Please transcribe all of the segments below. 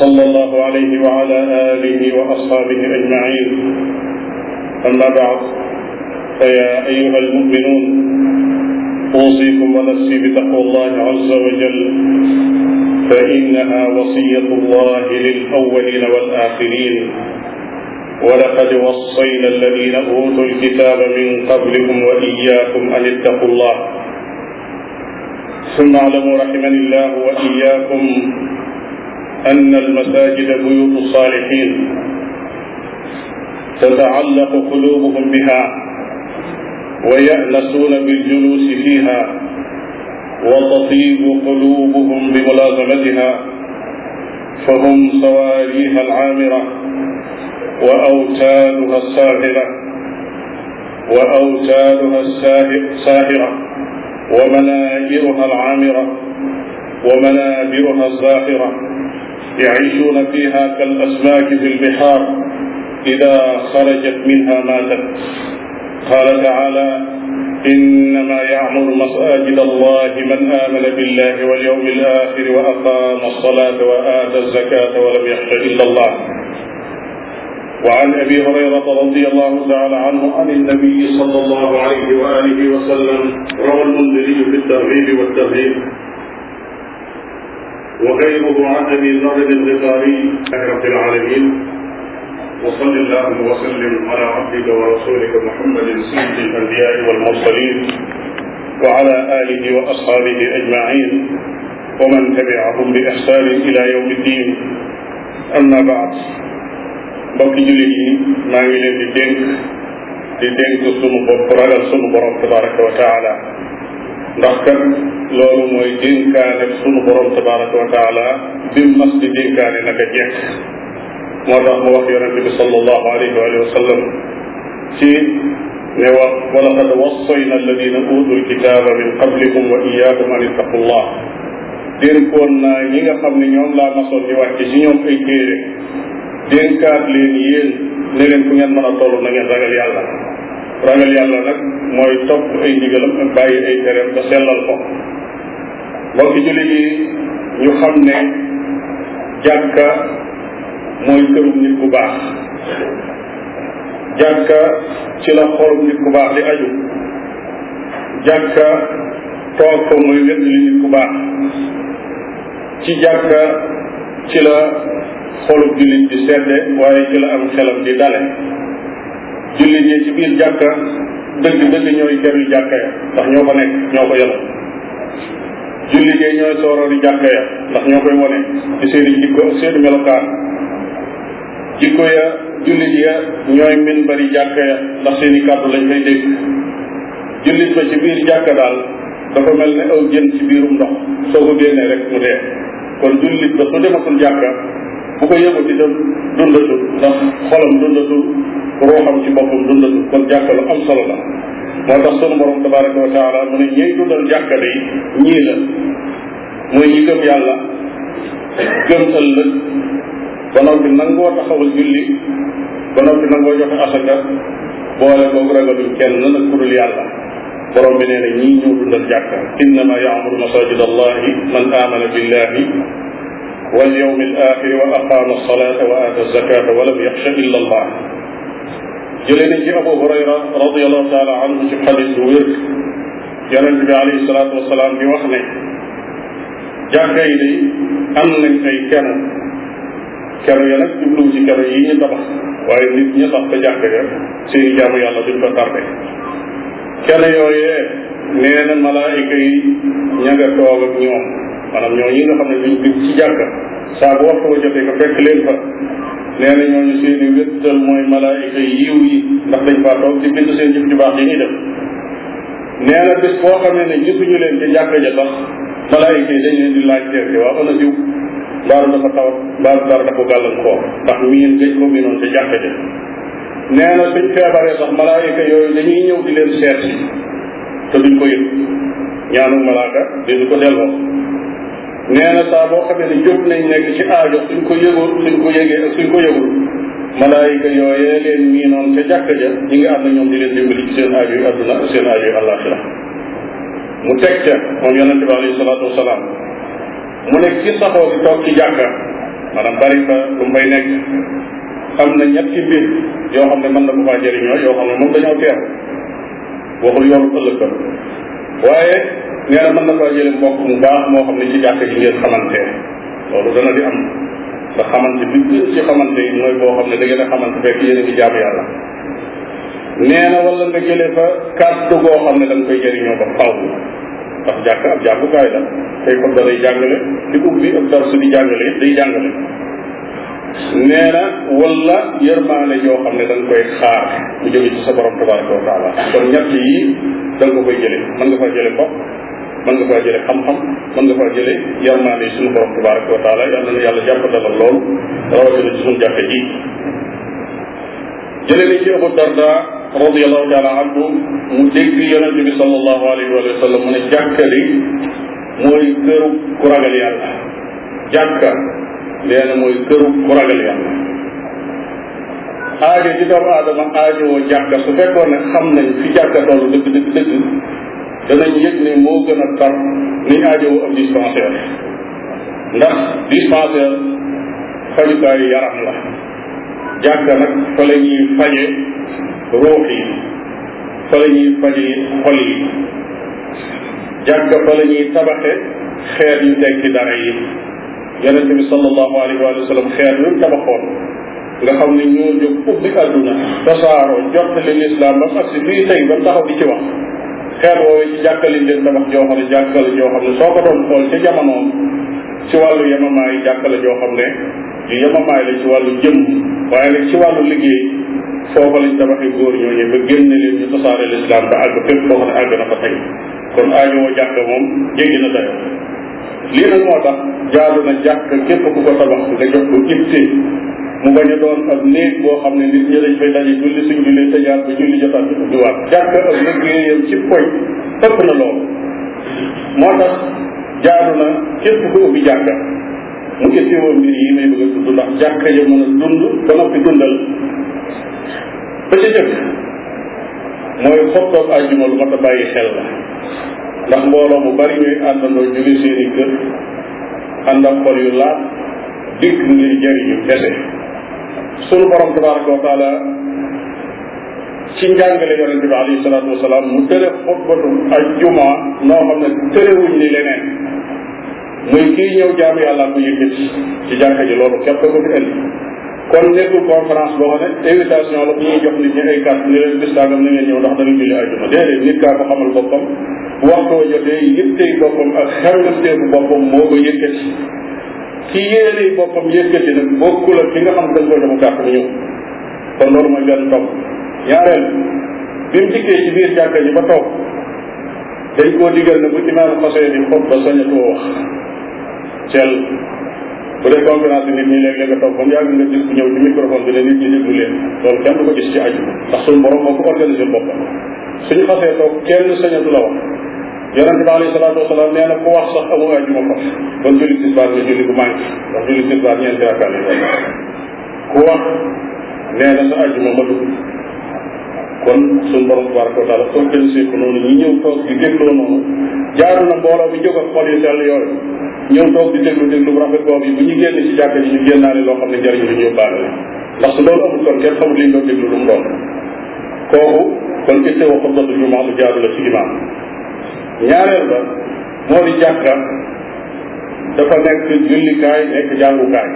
sallallahu alayhi wa ala alihi wa ashabihi ajmain amma baad فيا أيها المؤمنون أوصيكم ونفسي بتقوى الله عز وجل فإنها وصية الله للأولين والآخرين ولقد وصينا الذين أوتوا الكتاب من قبلكم وإياكم أن اتقوا الله ثم اعلموا رحمني الله وإياكم أن المساجد بيوت الصالحين تتعلق قلوبهم بها ويأنسون بالجلوس فيها وتطيب قلوبهم بملازمتها فهم صواريها العامرة وأوتادها الساهرة وأوتادها الساهرة ومنائرها العامرة ومنابرها الزاهرة يعيشون فيها كالأسماك في البحار إذا خرجت منها ماتت قال تعالى إنما يعمر مساجد الله من آمن بالله واليوم الآخر وأقام الصلاة وآتى الزكاة ولم يخش إلا الله وعن أبي هريرة رضي الله تعالى عنه عن النبي صلى الله عليه وآله وسلم روى المنذري في الترغيب والترهيب وغيره عن ابي ذر الغفاري رب العالمين وصل اللهم وسلم على عبدك ورسولك محمد سيد الانبياء والمرسلين وعلى اله واصحابه اجمعين ومن تبعهم باحسان الى يوم الدين اما بعد mbokk jullit yi maa ngi leen di dénk di dénk sunu bopp ragal sunu borom tabaraka wa taala ndax kan loolu mooy dénkaane sunu borom tabaraka wa taala bi mas di dénkaane naka jekk moo tax mu wax yonente bi sallallahu alayhi wa sallam ci ne wax wa laqad wassayna alladina utul kitaaba min qablikum wa iyaakum an ittaqullah dénkoon naa ñi nga xam ne ñoom laa masoon di wàcc ci ñoom ay téere dénkaat leen yéen ne leen fu ngeen mën a toll na ngeen ragal yàlla ragal yàlla nag mooy topp ay ndigalam ak bàyyi ay tereem ba sellal ko mbokk jullit yi ñu xam ne jàkka mooy kërum nit ku baax jàkka ci la xolum nit ku baax di aju jàkka toog ko mooy wér li nit ku baax ci jàkka ci la xolub jullit di sedde waaye ci la am xelam di dale jullit yi ci biir jàkka dëgg dëgg ñooy ker yu jàkka ya ndax ñoo ko nekk ñoo ko yoroon julli gee ñooy sooroo di jàkka ya ndax ñoo koy wone ci seeni jikko seeni melokaan jikko ya jullit ya ñooy min bari jàkka ya ndax seeni kàddu lañ fay dégg jullit ba ci biir jàkka daal dafa mel ni aw jën ci biirum ndox soo ko génnee rek mu dee kon jullit ba su dematul jàkka bu ko yëgut itam dundatul ndax xolam dundatul ruuxam ci boppam dundatul kon jàkka lu am solo la moo tax sunu borom tabaraka wa taala mu ne ñiy dundal jàkka day ñii la mooy ñi gëm yàlla gëm ëllëg ba noppi nangoo taxawal julli ba noppi nangoo joxe asaka boole boobu ragaluñ kenn nag ku dul yàlla borom bi nee na ñii ñëw dundal jàkka innama yaamuru masajid allahi man amana billahi wal yawmi al axiri wa aqama alsalata wa ata alzakata wa lam yaxsha illa allah jëlee nañ ci Abu Hurayra radiallahu taala anhu ci xadis bu wér yonent bi alayhi salaatu wasalaam bi wax ne jàkka yi day am nañ ay keno keno ya nag jublu ci keno yi ñu tabax waaye nit ñi sax te jàkka ya seeni jaamu yàlla duñ ko tarde keno yooyee nee na malaayika yi ña nga toog ak ñoom maanaam ñoo ñi nga xam ne duñ dugg ci jàkka saa bu waxtu wa jotee nga fekk leen fa nee na ñooñu seen wéttal mooy malaayika yiw yi ndax dañ faa toog ci bind seen jëf ju baax yi ñuy def nee na bis boo xam ne gisuñu leen ñu jàkka ja sax malaayika yi dañ leen di laaj teer ci waa ana diw mbaaru dafa tawat mbaaru dara dafa gàllankoor ndax miin gëj ko miinoon ca jàkka ja nee na suñ feebaree sax malaayika yooyu dañuy ñëw di leen seet si te ko yëg ñaanu malaaka dinañ ko delloo nee na boo xamee ne jóg nañ nekk ci aajo suñ ko yëgoon suñ ko yëgee ak suñ ko yëgul malaayika yooyee leen mii noonu ca jàkka ja ñi nga ànd ñoom di leen dimbali ci seen aajo yu adduna seen aajo yu àllaaxira mu teg ca moom yonente bi alayhi salaatu mu nekk ci saxoo bi toog ci jàkka maanaam bari fa lu mu fay nekk am na ñetti mbir yoo xam ne mën na ko faa jëriñoo yoo xam ne moom dañoo teew waxul yoolu ëllëg waaye nee na mën na koo jëlee mbokk mu baax moo xam ne ci jàkk gi ngeen xamante loolu di am nga xamante bi ci mooy boo xam ne da ngeen a xamante fekk yéen a ngi jaamu yàlla nee na wala nga xam ne da nga koy jëriñoo ba faw ndax jàkk ab jàngukaay la tey kon danay jàngale di ubbi ab darsu di jàngale it day jàngale nee na wala yërmaane xam ne da nga koy xaar bu ci sa borom tabaraka wa taala kon ñett yi da ko koy jëlee mën nga fa jële mbokk mën nga faa jëlee xam-xam mën nga faa jëlee yërmaande yi suñu borom tabaraka wa taala yal nañu yàlla jàppandalal loolu rawatina ci suñu jàkka ji jëlee ni ci Abu Darda radiallahu taala anhu mu dégg yonente bi sallallahu alayhi wa sallam mu ne jàkka li mooy këru ku ragal yàlla jàkka nee na mooy këru ku ragal yàlla aajo ci doomu aadama aajowoo jàkka su fekkoon ne xam nañ fi jàkka toll dëgg dëgg dëgg danañ yëg ne moo gën a tar ni aajowoo ab dispensaire ndax dispensaire fajukaayu yaram la jàkka nag fa la ñuy faje ruux yi fa la ñuy faje xol yi jàkka fa la ñuy tabaxe xeer yu tekki dara yi yonente bi sallallahu alayhi wa sallam xeer yu tabaxoon nga xam ne ñoo jóg ubbi àdduna tasaaroo jot li lislaam ba agsi fii tey ba taxaw di ci wax xeet woowu ci jàkkali ngeen tabax joo xam ne soo ko doon xool ca jamonoom ci wàllu yemamaay jàkkala joo xam ne yu yemamaay la ci wàllu jëm waaye nag ci wàllu liggéey foofa lañ tabaxi góor ñooñu ba génne leen ñu tasaare lislaam ba àgg fépp foo xam àgg na fa tey kon aajowoo jàkk moom jéggi na dayo lii nag moo tax jaadu na jàkk képp ku ko tabax nga jox ko itte mu bañ a doon ak néeg boo xam ne nit ñi dañ fay daje julli suñ julli tëjaat ba julli jotaat bi ubbiwaat jàkk ak liggéeyam ci poy ëpp na loolu moo tax jaadu na képp ko ubbi jàkka mu itteewoo mbir yi may bëgg a tudd ndax jàkka ya mën dund ba noppi dundal ba ca jëkk mooy xottoog àjjuma lu mat a bàyyi xel la ndax mbooloo mu bari ñuy àndandoo jóge seen kër ànd ak xol yu laat dikk ngir jariñu kese sunu borom tabaraka wa taala ci njàngale yonente bi alayhi salaatu wasalaam mu tere xutbatu ak juma noo xam ne terewuñ li leneen muy kii ñëw jaamu yàlla ko yëkkit ci jàkka ji loolu képp ko fi indi kon nekkul conférence boo ne invitation la bu ñuy jox nit ñi ay carte ni leen bis tàngam na ngeen ñëw ndax dana julli ajuma déedéet nit kaa ko xamal boppam waxtoo jotee yittey boppam ak xewlafteeku boppam moo ko yëkkati ci yéene boppam yëkkati nag bokkul ak li nga xam dañ koy dafa kàtt mu ñëw kon loolu mooy benn topp ñaareel biir jàkka ji ba toog dañ koo digal ne bu imaam xasee bi xob ba sañatoo wax cel bu dee conférence bi nit nga toog ba mu yàgg nga gis ku ñëw ci microphone bi ne nit ñi déglu leen loolu kenn du ko gis ci aju ndax suñu borom moo ko organisé boppam suñu xasee toog kenn sañatu la wax yonente bi alayhi salaatu wasalaam nee na ku wax sax amu ajuma fas kon julli tisbaar ne julli bu manqué ndax kon suñu borom tabaraka wa taala organisé ko noonu na mbooloo bi jóg ak xol yu sell yooyu ñëw toog di déglu déglu bu rafet boobu yi ñu génn ci jàkka loo xam ne njëriñ li ñu yóbbaale la ndax su loolu amul ñaareel ba moo di jàkka dafa nekk jullikaay nekk jàngukaay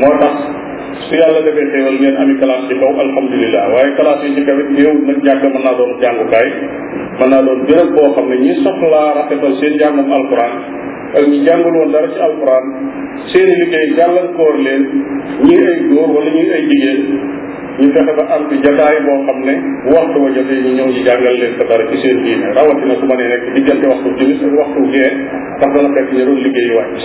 moo tax su yàlla defee xéewal ngeen ami classe ci kaw alhamdulilah waaye classe yi ci kawit néew nag jàkka mën naa doon jàngukaay mën naa doon béréb boo xam ne ñi soxlaa rafetal seen njàngum alquran ak ñi jàngul woon dara ci alquran seen i liggéey jàllankoor leen ñii ay góor wala ñii ay jigéen ñu fexe ba am ci jataay boo xam ne waxtu wa jotee ñu ñëw ñu jàngal leen ko dara ci seen diine rawatina su ma nee rek diggante waxtu jullit ak waxtu gee ndax dana fekk ñu doon liggéey wàcc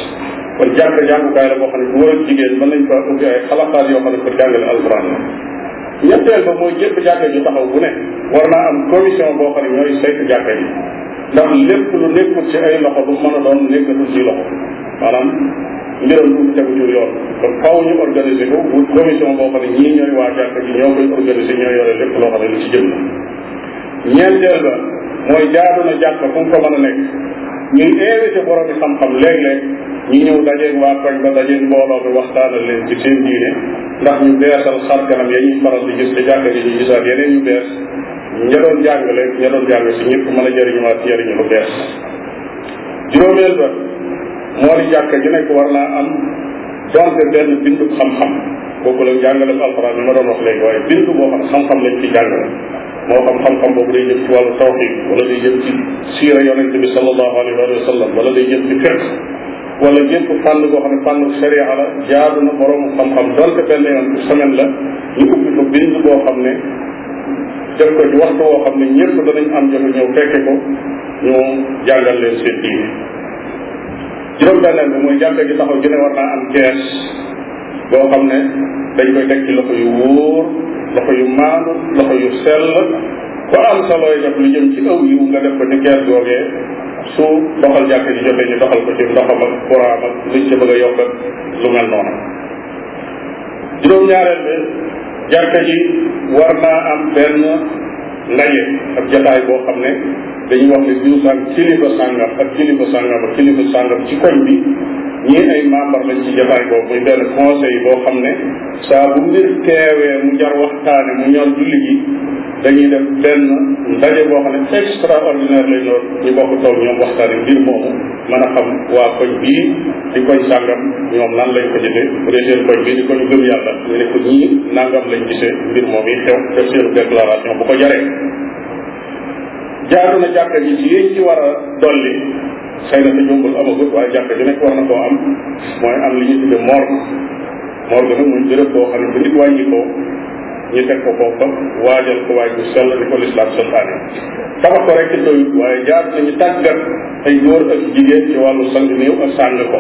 kon jàng jàngukaay la boo xam ne góor ak jigéen mën nañ fa ubbi ay xalaxaat yoo xam ne pour jàngale alquran la ñetteel ba mooy jëpp jàkka ju taxaw bu ne war naa am commission boo xam ne ñooy saytu jàkka yi ndax lépp lu nekkul ci ay loxo bu mën a doon nekkatul ci loxo maanaam mbiram du tegu ci yoon kon faaw ñu organiser ko wut commission boo xam ne ñii ñooy waa jàkka ji ñoo koy organiser ñoo yore lépp loo xam ne lu ci jëm la ñeenteel ba na jàkka fu mu ko mën xam-xam ñu ñëw dajeeg waa koñ ba dajeeg mbooloo bi waxtaanal leen ci seen diine ndax ñu beesal xar kanam ya ñuy faral di gis te jàkka ji ñu gisaat yeneen ña doon jàngale ña doon jàng si ñëpp mën a jëriñu waat lu bees juróomeel ba moo di jàkka ju nekk war naa am donte benn bindu xam-xam boobu la jàngale alxuraan bi ma doon wax léegi waaye bindu boo xam xam-xam lañ ci jàngale moo xam xam-xam boobu day jëm ci wàllu tawxid wala day jëm ci siira yonente bi sallallahu alayhi wa sallam wala day jëm ci fiq wala gépp fànn boo xam ne fànn sharia la jaadu na boroomu xam-xam donte benn yoon ci semaine la ñu ubbi ko bind xam ne def ko ci waxtu woo xam ne ñëpp danañ am jotu ñëw fekke ko ñu jàngal leen seen diine juróom-benneel bi mooy jàkka gi taxaw ju ne war naa am kees boo xam ne dañ koy teg ci loxo yu wóor loxo yu maandu loxo yu sell ko am sa looy def lu jëm ci aw yiw nga def ko ci kees googee su doxal jàkka ji jotee ñu doxal ko ci ndoxam ak courant ak liñ ci bëgg a yokk ak lu mel noonu juróom-ñaareel bi jàkka ji war naa am benn ndaje ak jataay boo xam ne dañuy wax ne diw sàng kilifa sàngam ak kilifa sàngam ak kilifa sàngam ci koñ bi ñii ay membre lañ ci jotaay boobu muy benn conseil boo xam ne saa bu mbir teewee mu jar waxtaane mu ñor julli gi dañuy def benn ndaje boo xam ne extraordinaire lay doon ñu bokk toog ñoom waxtaane mbir moomu mën a xam waa koñ bii di koñ sàngam ñoom nan lañ ko jëfee bu dee seen koñ bii di koñ gëm yàlla ñu ne ko ñii nangam lañ gisee mbir moom yi xew def seen déclaration bu ko jaree jaaru na jàkka ji ci yéen ci war a dolli xëy na sa jombul amagut waaye jàkk ju nekk war na koo am mooy am li ñu tudde morgue morgue nag muy jërëb boo xam ne bu nit wàññi ko ñu teg ko foofa waajal ko waaj bu sell ni ko lislaam santaane tabax ko rek ci doyut waaye jaar nañu tàggat ay góor ak jigéen ci wàllu sang néew ak sàng ko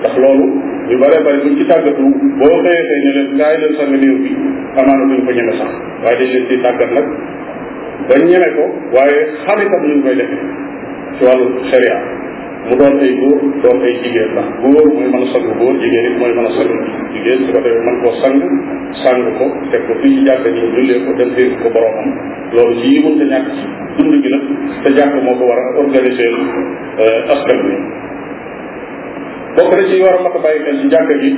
ndax loolu ñu bare bare buñ ci tàggatu boo xëyee xëy ne leen kaay leen sang néew bi amaana duñ ko ñeme sax waaye dañ leen di tàggat nag dañ ñeme ko waaye xam itam ñu koy defee ci wàllu sharia mu doon ay góor doon ay jigéen ndax góor mooy mën a sang góor jigéen it mooy mën a sang jigéen su ko defee mën koo sang sang ko teg ko fii ci jàkka ji ko dem dégg ko boromam loolu ci yi mën ta ñàkk moo ko war a organiser euh, askan bi bokk na war a mat a bàyyi xel ci jàkka ji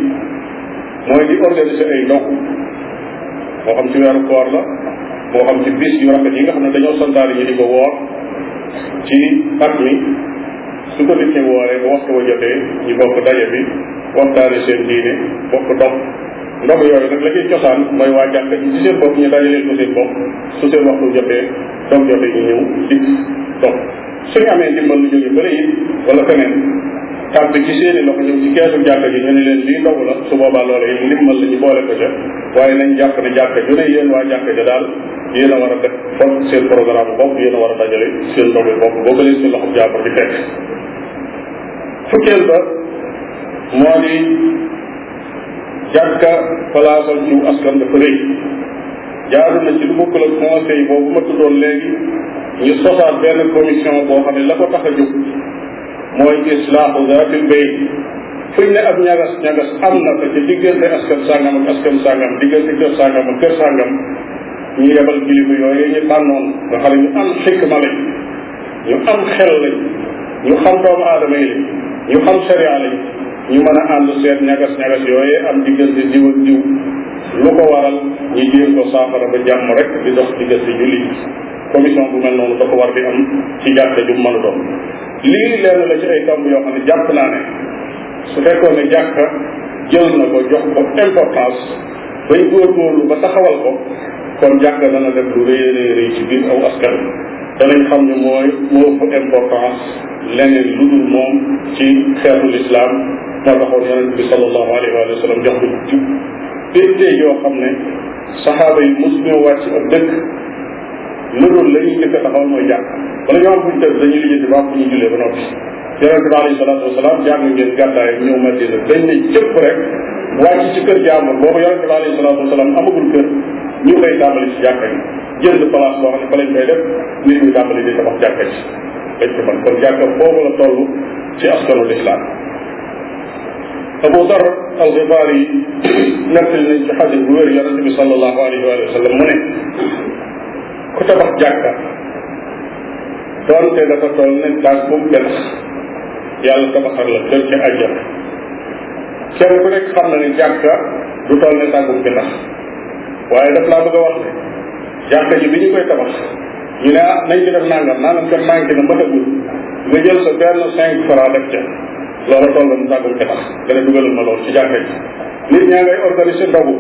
mooy di organiser ay ndog moo xam ci weeru koor la moo xam ci bis yu rafet yi nga xam ne dañoo santaari ñu di ko woor ci at mi su ko nit ñi wooree bu waxtu wa jotee ñu bokk daje bi waxtaane seen diine bokk dox ndox yooyu nag la ciy cosaan mooy waa jàkk ci ci seen bopp ñu daje leen ko seen bopp su seen waxtu jotee dox jotee ñu ñëw dikk dox suñu amee ndimbal lu jóge bële it wala feneen tàbbi ci seen i loxo ñëw ci keesu jàkka ji ñu ne leen lii ndogu la su boobaa loola it ndimmal la ñu boole ko ca waaye nañ jàpp ne jàkka ju ne yéen waa jàkka ja daal yéen a war a def foofu seen programme bopp yéen a war a dajale seen ndogu bopp boo ko leen si loxo jàppar di fekk ba moo di jàkka palaasal ci askan dafa rëy jaaru na ci lu bokkul ak conseil boobu ma tuddoon léegi ñu sosaat benn commission boo xam ne la ko tax a jóg mooy islaaxu zaatil bay fu ñu ne ab ñagas ñagas am na ko ci diggante askan sàngam ak askan sàngam diggante kër sàngam ak kër sàngam ñu yebal kilifa yooyu ñu tànnoon nga xam ñu am xikma lañ ñu am xel lañ ñu xam doomu aadama yi ñu xam sharia lañ ñu mën a ànd seet ñagas ñagas yooyu am diggante diw ak diw lu ko waral ñu jéem ko saafara ba jàmm rek di dox diggante jullit commission bu mel noonu dafa war di am ci jàkka ju mën a lii lenn la ci ay tomb yoo xam ne jàpp naa ne ne jàkka jël na ko jox ko importance bay góorgóorlu ba taxawal ko kon jàkka dana def lu rëy rëy rëy ci aw askan danañ xam ne mooy moo ëpp importance leneen lu dul moom ci xeetu lislaam moo taxoon yonente bi sallallahu alayhi wa sallam jox ko ci péttee yoo xam ne saxaaba yi mosuñoo wàcc ab dëkk loolu la ñuy njëkk a taxawal mooy jàkk bala ñoo am buñ tëdd dañuy lijjanti ba am fu ñu jullee ba noppi yonente bi alayhi salaatu wasalaam jàng ngeen gàddaay ñëw Madina dañ ne cëpp rek wàcc ci kër jàmbur boobu yonente bi alayhi salaatu wasalaam amagul kër ñu koy tàmbali ci jàkka yi jënd place boo xam ne fa lañ koy def nit ñi tàmbali di tabax jàkka ci dañ ko man kon jàkka boobu la toll ci askanu lislaam Abu Dar al-Ghifari yi nettali nañ ci xadis bu wér yonente bi sallallahu alayhi wa sallam mu ne ku tabax jàkka doonte dafa toll ne baag bu mu tax yàlla tabaxal la kër ca àjjana kenn ku nekk xam na ne jàkka du toll ne tàggum bi ndax waaye daf naa bëgg a wax ne jàkka ji bi ñu koy tabax ñu ne ah nañ ci def nangam naanam kenn manqué na matagul nga jël sa benn cinq franc def ca loolu toll na mu tàggum bi ndax gën a dugalal ma loolu ci jàkka ji nit ñaa ngay organiser ndogu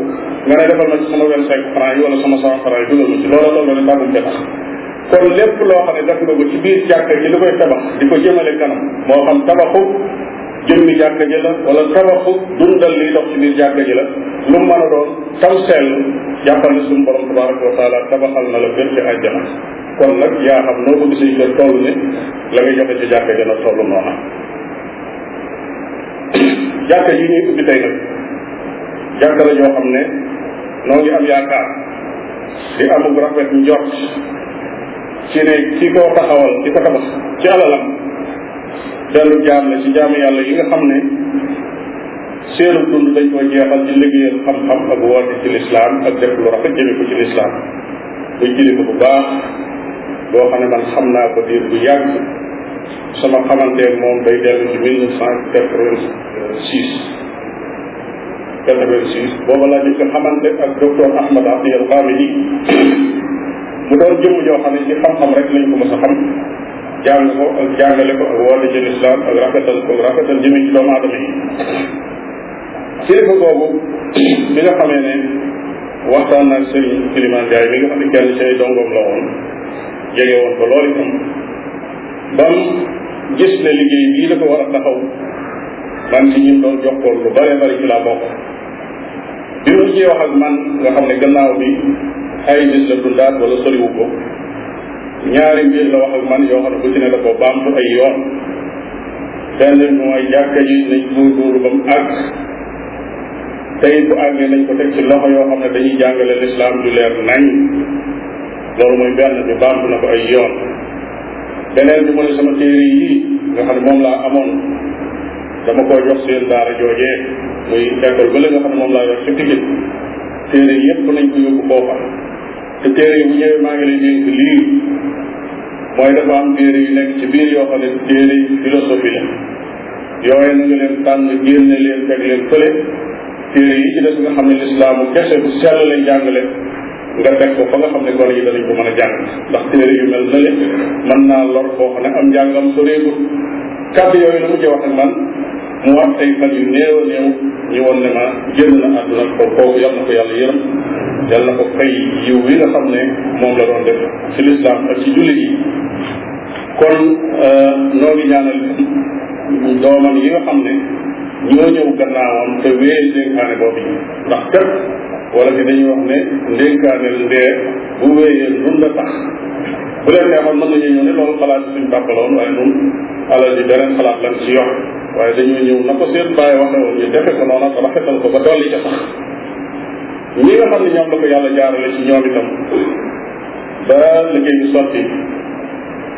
nga ne defal ma ci sama vingt cinq franc yi wala sama cent franc yi dugal ma ci loola toll kon lépp loo xam ne def nga ko ci biir jàkka ji li koy di ko jëmale kanam moo xam tabaxu jëmmi jàkka ji la wala tabaxu dundal liy dox ci biir ji la lu mën a doon tam sell jàppal ne suñu borom tabaraka wa tabaxal na la gën ci àjjana kon nag yaa xam noo ko gisee kër toll ni la nga joxe ci jàkka ji la toll noona jàkka yi ñuy ubbi nag jàkka la xam ne noo ngi am yaakaar di amug rafet njort ci ne ci koo taxawal ci ko tabax ci alalam dellu jaam la ci jaamu yàlla yi nga xam ne seenu dund dañ koo jeexal ci liggéeyal xam-xam ak woote ci lislaam ak def lu rafet jëme ko ci lislaam muy kilifa bu baax boo xam ne man xam naa ko diir bu yàgg sama xamanteeg moom day dellu ci mille neuf quatre-vingt-six 1986 booba laa njëkk a xamante ak docteur Ahmad Abdi al Qamidi mu doon jëmm joo xam ne xam-xam rek lañ ko mos a xam jàng ko ak jàngale ko ak woote jël islam ak ko boobu bi nga xamee ne waxtaan naa sëriñ Kilimaan Jaay mi nga xam ne kenn ci ay la woon jege woon ko loolu itam bam gis ne liggéey bii da ko war a taxaw man ci ñun doon jox ko lu bare bari ci laa bokk mu mujjee wax ak man nga xam ne gannaaw bi ay bis la dundaat wala soriwu ko ñaari mbir la wax ak man yoo xam ne bu ci ne da koo baamtu ay yoon benn bi mooy jàkka nañ àgg tey nañ ko teg ci loxo yoo xam ne dañuy jàngale lislaam du leer nañ loolu mooy benn bi baamtu na ko ay yoon beneen bi mu ne sama téere yii nga xam ne moom laa amoon dama koo jox seen daara joojee muy école ba la nga xam ne moom laa yor ci Pikine téere yépp nañ ko yóbbu foofa te téere yi ñëwee maa ngi lay dénk lii mooy dafa am téere yu nekk ci biir yoo xam ne téere philosophie la yooyu na nga leen tànn génne leen teg leen fële téere yi ci des nga xam ne lislaamu kese bu sell lay jàngale nga teg ko nga xam ne gone yi danañ ko mën a jàng ndax téere yu mel na le mën naa lor boo ne am njàngam soreegul kàddu yooyu la mujjee wax ak mu am ay fan yu néew a néew ñu ma génn na àdduna ko kooku yal na ko yàlla yërëm yal na ko fay yiw wi nga xam ne moom la doon def ci lislaam ak ci julli yi kon euh, noo ngi ñaanal doomam yi nga xam ne ñoo ñëw gannaawam te wéy dénkaane boobu ndax kat wala fi dañuy wax ne ndénkaaneel ndee bu wéyee dund a tax bu leen neexoon mën nañu ñëw ne loolu xalaat suñ tàppaloon waaye nun alal ji beneen xalaat lañ ci yor waaye dañoo ñëw na ko seen bàyyi waxe woon ñu defe ko noonu ak rafetal ko ba dolli ca sax ñi nga xam ne ñoom la ko di jaarale ci ñoom itam ba liggéey bi sotti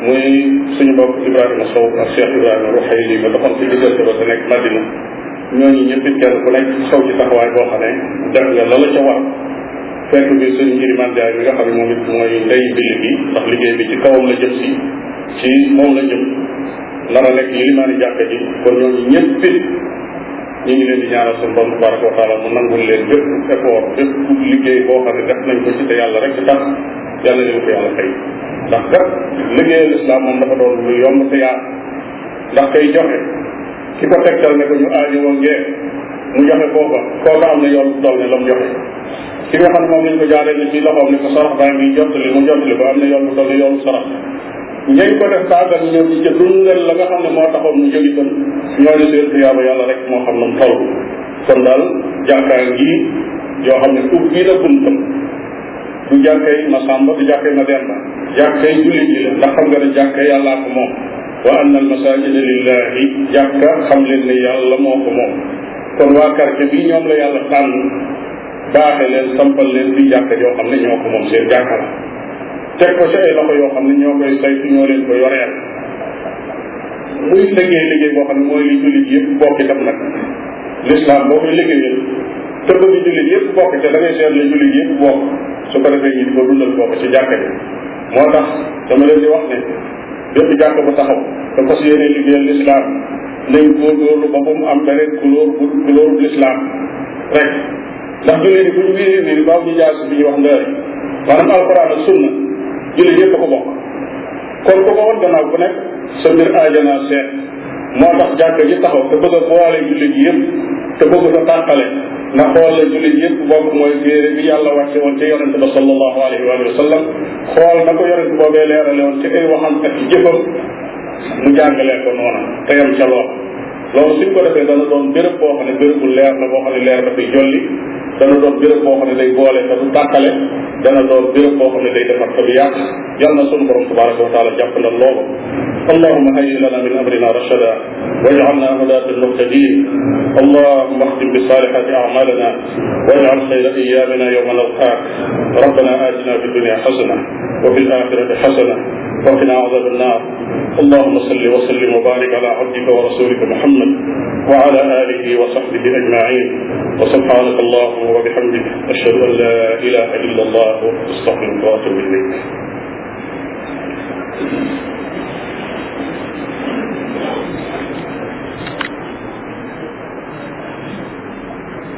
muy suñu mbokk Ibrahima Sow ak Cheikh Ibrahima Ruhayli ba doxoon ci diggante ba te nekk Madina ñooñu ñëpp it kenn ku nekk xaw ci taxawaay boo xam ne def nga la la ca war fekk bi sëñ Njiriman Jaay bi nga xam ne moom it mooy ndey mbili bi ndax liggéey bi ci kawam la jëm si ci moom la jëm nar a nekk limaani jàkka ji kon ñooñu ñëpp it ñu ngi leen di ñaanal suñu borom tabaraka wa taala mu nangul leen bépp effort bépp liggéey boo xam ne def nañ ko ci te yàlla rek tax yàlla leen ko yàlla fay ndax kat liggéeyal islam moom dafa doon lu yomb te yaa ndax kay joxe ki ko tegtal ne ko ñu aajowoo ngeen mu joxe foofa yoon toll ne la mu joxe ki nga xam ne moom lañ ko jaaree ne ci loxoom ne ko sarax baa ngi jottali mu jottali ko am na yoon bu toll ne yoonu sarax ñañ ko def taagal ñoom ca dundal la nga xam ne moo taxoon mu jógi tam ñooñu seen tuyaaba yàlla rek moo xam ne mu toll kon daal jàkkaar gi yoo xam ne ubbi na buntam du jàkkay ma sàmba du jàkkay ma demba jàkkay jullit yi la ndax xam nga ne jàkka yàlla ko moom wa anna al masajida lillahi jàkka xam leen ne yàlla moo ko moom kon waa quartier bi ñoom la yàlla tànn baaxe leen sampal leen di jàkka yoo xam ne ñoo ko moom seen jàkka la teg ko ci ay loxo yoo xam ne ñoo koy saytu ñoo leen ko yoreel muy liggéey liggéey boo xam ne mooy li jullit yëpp bokk itam nag l'islam boo koy liggéeyal te ba li yëpp bokk te da ngay seet li jullit yëpp bokk su ko defee ñu di ko dundal bokk ci jàkka bi moo tax dama leen di wax ne bépp jàkk bu taxaw te fas yéene liggéeyal l'islam nañ góorgóorlu ba mu am beneen couleur bu couleur bu rek ndax jullit yi bu ñu wéeree ni baaw ñu jaar si bi ñu wax ndëre maanaam alquran ak sunna jullit yëpp ko bokk kon ku ko woon gannaaw ku nekk sa mbir aajana seet moo tax jàkka ji taxaw te bëgg a boole jullit yëpp te bëgg ta tàqale na xool la jullit yëpp bokk mooy téere bi yàlla wàcce woon ci yonente ba sallallahu alayhi wa na ko yonente boobee leerale woon ci ay waxam ak ci jëfam mu jàngalee ko noona te yam ca lool loolu suñ ko defee dana doon béréb boo xam ne bérébu leer la boo xam ne leer dafay jolli dana doon béréb boo xam ne day boole te du tàqale dana doon béréb boo xam ne day defar ko lu yàq yal na sunu borom tabaraka wa taala jàpp na loolu allahuma hayyi lana min amrina rachada waj'alna hudaatan muhtadin allahuma ahdim bi salihati a'malina waj'al khayra ayyamina yawma nalqaak rabbana atina fi dunya hasana wa fil akhirati hasana وقنا عذاب النار اللهم صل وسلم وبارك على عبدك ورسولك محمد وعلى آله وصحبه أجمعين وسبحانك اللهم وبحمدك أشهد أن لا إله إلا الله أستغفرك وأتوب إليك Thank you.